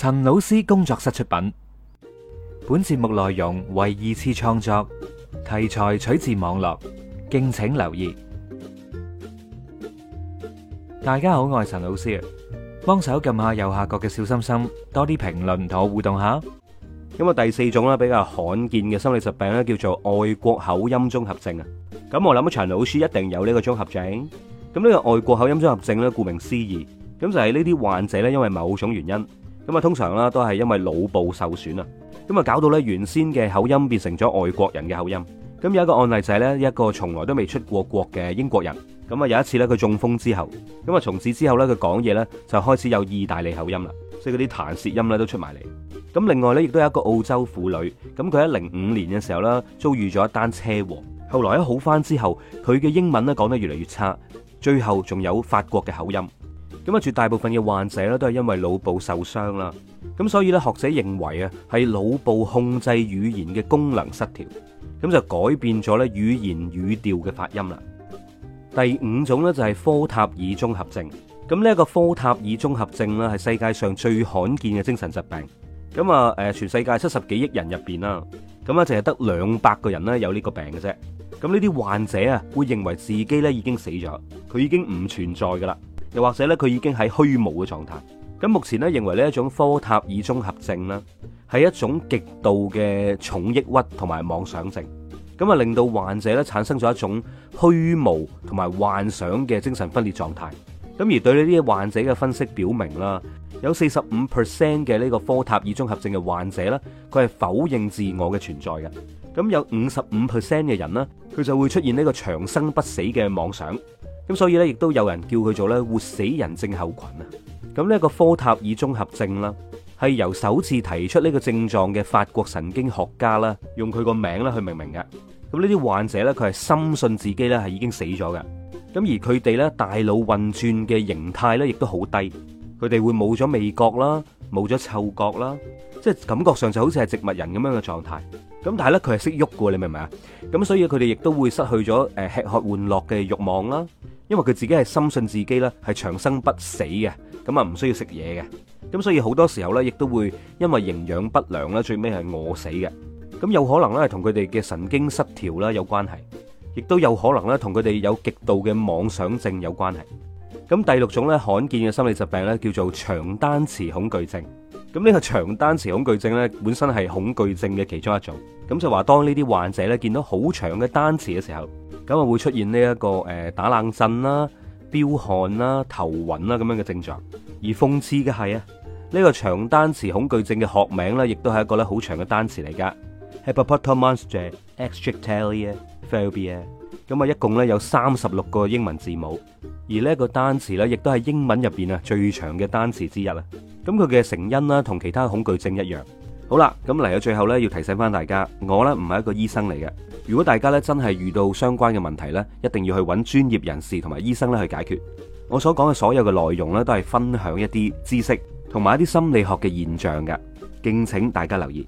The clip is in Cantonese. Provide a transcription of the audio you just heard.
陳老師工作室出品，本節目內容為二次創作，題材取自網絡，敬請留意。大家好，我係陳老師啊，幫手撳下右下角嘅小心心，多啲評論同我互動下。咁啊，第四種啦，比較罕見嘅心理疾病咧，叫做外國口音綜合症啊。咁我諗啊陳老師一定有呢個綜合症。咁呢個外國口音綜合症咧，顧名思義，咁就係呢啲患者咧，因為某種原因。咁啊，通常啦，都係因為腦部受損啊，咁啊搞到咧原先嘅口音變成咗外國人嘅口音。咁有一個案例就係咧一個從來都未出過國嘅英國人，咁啊有一次咧佢中風之後，咁啊從此之後咧佢講嘢咧就開始有意大利口音啦，即係嗰啲彈舌音咧都出埋嚟。咁另外咧亦都有一個澳洲婦女，咁佢喺零五年嘅時候啦遭遇咗一單車禍，後來一好返之後，佢嘅英文咧講得越嚟越差，最後仲有法國嘅口音。咁啊，絕大部分嘅患者咧都係因為腦部受傷啦。咁所以咧，學者認為啊，係腦部控制語言嘅功能失調，咁就改變咗咧語言語調嘅發音啦。第五種咧就係科塔爾綜合症。咁呢一個科塔爾綜合症啦，係世界上最罕見嘅精神疾病。咁啊，誒，全世界七十幾億人入邊啦，咁啊，淨係得兩百個人咧有呢個病嘅啫。咁呢啲患者啊，會認為自己咧已經死咗，佢已經唔存在噶啦。又或者咧，佢已經喺虛無嘅狀態。咁目前咧，認為呢一種科塔爾綜合症啦，係一種極度嘅重抑鬱同埋妄想症。咁啊，令到患者咧產生咗一種虛無同埋幻想嘅精神分裂狀態。咁而對呢啲患者嘅分析表明啦，有四十五 percent 嘅呢個科塔爾綜合症嘅患者咧，佢係否認自我嘅存在嘅。咁有五十五 percent 嘅人咧，佢就會出現呢個長生不死嘅妄想。咁所以咧，亦都有人叫佢做咧活死人症候群啊！咁呢個科塔爾綜合症啦，係由首次提出呢個症狀嘅法國神經學家啦，用佢個名啦去命名嘅。咁呢啲患者咧，佢係深信自己咧係已經死咗嘅。咁而佢哋咧大腦運轉嘅形態咧，亦都好低。佢哋會冇咗味覺啦，冇咗嗅覺啦，即係感覺上就好似係植物人咁樣嘅狀態。咁但係咧佢係識喐嘅，你明唔明啊？咁所以佢哋亦都會失去咗誒吃喝玩樂嘅慾望啦，因為佢自己係深信自己咧係長生不死嘅，咁啊唔需要食嘢嘅，咁所以好多時候咧亦都會因為營養不良咧，最尾係餓死嘅，咁有可能咧係同佢哋嘅神經失調啦有關係，亦都有可能咧同佢哋有極度嘅妄想症有關係。咁第六種咧罕見嘅心理疾病咧叫做長單詞恐懼症。咁呢個長單詞恐懼症咧，本身係恐懼症嘅其中一種。咁就話當呢啲患者咧見到好長嘅單詞嘅時候，咁啊會出現呢、這、一個誒、呃、打冷震啦、飆汗啦、頭暈啦咁樣嘅症狀。而諷刺嘅係啊，呢、這個長單詞恐懼症嘅學名咧，亦都係一個咧好長嘅單詞嚟噶。Hippopotomonstrosesquippedaliophobia。咁啊，一共咧有三十六個英文字母，而呢一個單詞咧，亦都係英文入邊啊最長嘅單詞之一啦。咁佢嘅成因啦，同其他恐懼症一樣。好啦，咁嚟到最後呢，要提醒翻大家，我呢唔係一個醫生嚟嘅。如果大家呢真係遇到相關嘅問題呢，一定要去揾專業人士同埋醫生咧去解決。我所講嘅所有嘅內容呢，都係分享一啲知識同埋一啲心理學嘅現象嘅，敬請大家留意。